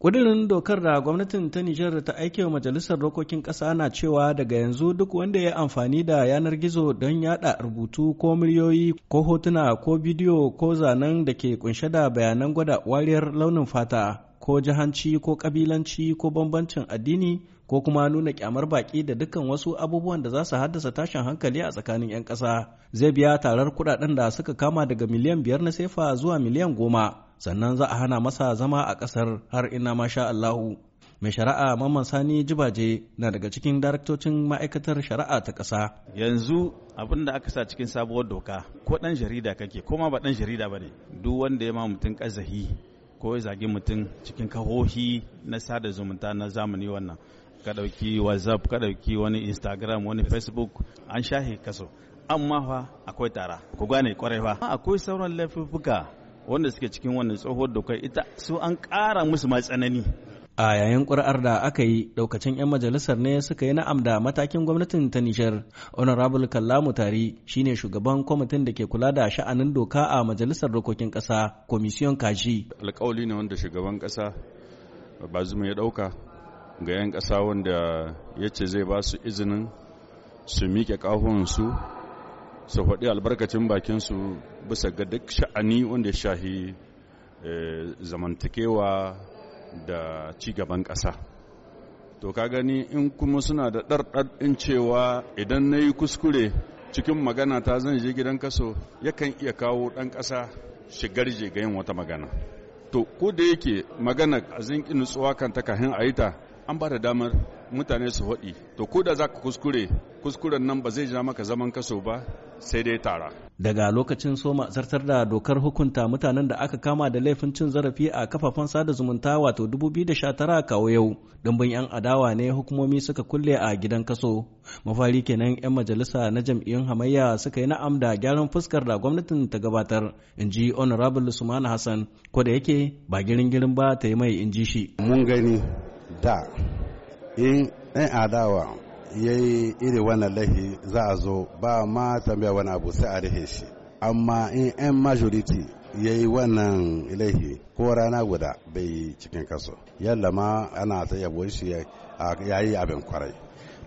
Ƙudurin dokar da gwamnatin ta Nijar ta aike wa Majalisar Dokokin Ƙasa na cewa daga yanzu duk wanda ya yi amfani da yanar gizo don yada rubutu ko miliyoyi ko hotuna ko bidiyo ko zanen da ke kunshe da bayanan gwada wariyar launin fata ko jahanci ko kabilanci ko bambancin addini ko kuma nuna kyamar baki da dukkan wasu abubuwan da za su haddasa tashin hankali a tsakanin 'yan ƙasa zai biya tarar kuɗaɗen da suka kama daga miliyan biyar na sefa zuwa miliyan goma. sannan za a hana masa zama a ƙasar har ina masha Allahu. Mai shari'a Mamman Sani Jibaje na daga cikin daraktocin ma'aikatar shari'a ta ƙasa. Yanzu abin da aka sa cikin sabuwar doka ko ɗan jarida kake ko ma ba ɗan jarida ba duk wanda ya ma mutum ƙazahi ko ya zagi mutum cikin kahohi na sada zumunta na zamani wannan ka ɗauki whatsapp ka ɗauki wani instagram wani facebook an shahe kaso amma fa akwai tara ku gane kwarai fa akwai sauran laifuffuka wanda suke cikin wannan tsohuwar dokar ita su an kara musu ma tsanani a yayin ƙuri'ar da aka yi ɗaukacin 'yan majalisar ne suka yi na'am da matakin gwamnatin ta nishar honorable kallamu tari shine shugaban kwamitin da ke kula da sha'anin doka a majalisar dokokin ƙasa komisiyon kashi alƙawali ne wanda shugaban ƙasa bazuma ya ɗauka ga 'yan ƙasa wanda ya ce zai ba su izinin su miƙe su su faɗi albarkacin bakinsu bisa ga duk sha'ani wanda ya shahi eh, zamantakewa da cigaban ƙasa to ka gani in kuma suna da ɗarɗar cewa idan na yi kuskure cikin magana ta zan je gidan kaso yakan iya kawo ɗan ƙasa shigar je ga yin wata magana to ko da yake magana a zinki nutsuwa kan takahin aita a yi an ba da damar mutane su haɗi to ko da za ka kuskure kuskuren nan ba zai ja maka zaman kaso ba sai dai tara daga lokacin soma zartar da dokar hukunta mutanen da aka kama da laifin cin zarafi a kafafen sada zumunta wato 2019 kawo yau dimbin yan adawa ne hukumomi suka kulle a gidan kaso mafari kenan yan majalisa na jam'iyyun hamayya suka yi na'am da gyaran fuskar da gwamnatin ta gabatar in ji honorable sumana hassan ko da yake ba girin girin ba ta yi mai in ji shi mun gani da in ɗan adawa ya yi iri wannan lahi za a zo ba ma tambaya wani abu sai a rihe shi amma in 'yan majoriti ya yi wannan laifi ko rana guda bai cikin kaso yalla ma ana ta yabo shi ya yi abin kwarai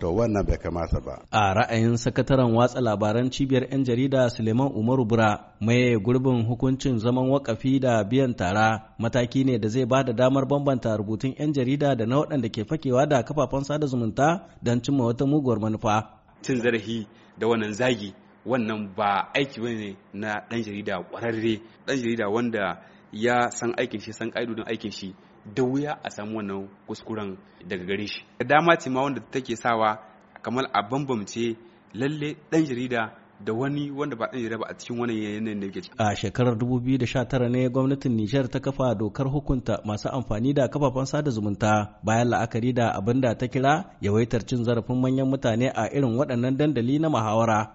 to wannan bai kamata ba. A ra'ayin sakataren watsa labaran cibiyar 'yan jarida Suleiman Umaru Bura mai gurbin hukuncin zaman wakafi da biyan tara mataki ne da zai ba da damar bambanta rubutun 'yan jarida da na waɗanda ke fakewa da kafafen sada zumunta don cimma wata muguwar manufa. Cin zarafi da wannan zagi wannan ba aiki bane na ɗan jarida ƙwararre ɗan jarida wanda ya san aikin shi san ƙa'idodin aikin shi da wuya a samu wannan kuskuren daga gare shi da dama ce ma wanda take sawa kamar a bambamce lalle ɗan jarida da wani wanda ba ɗan jarida ba a cikin wani yanayin da yake a shekarar 2019 ne gwamnatin Nijar ta kafa dokar hukunta masu amfani da kafafen sada zumunta bayan la'akari da abin da ta kira yawaitar cin zarafin manyan mutane a irin waɗannan dandali na muhawara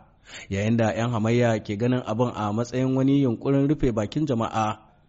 yayin da 'yan hamayya ke ganin abin a matsayin wani yunkurin rufe bakin jama'a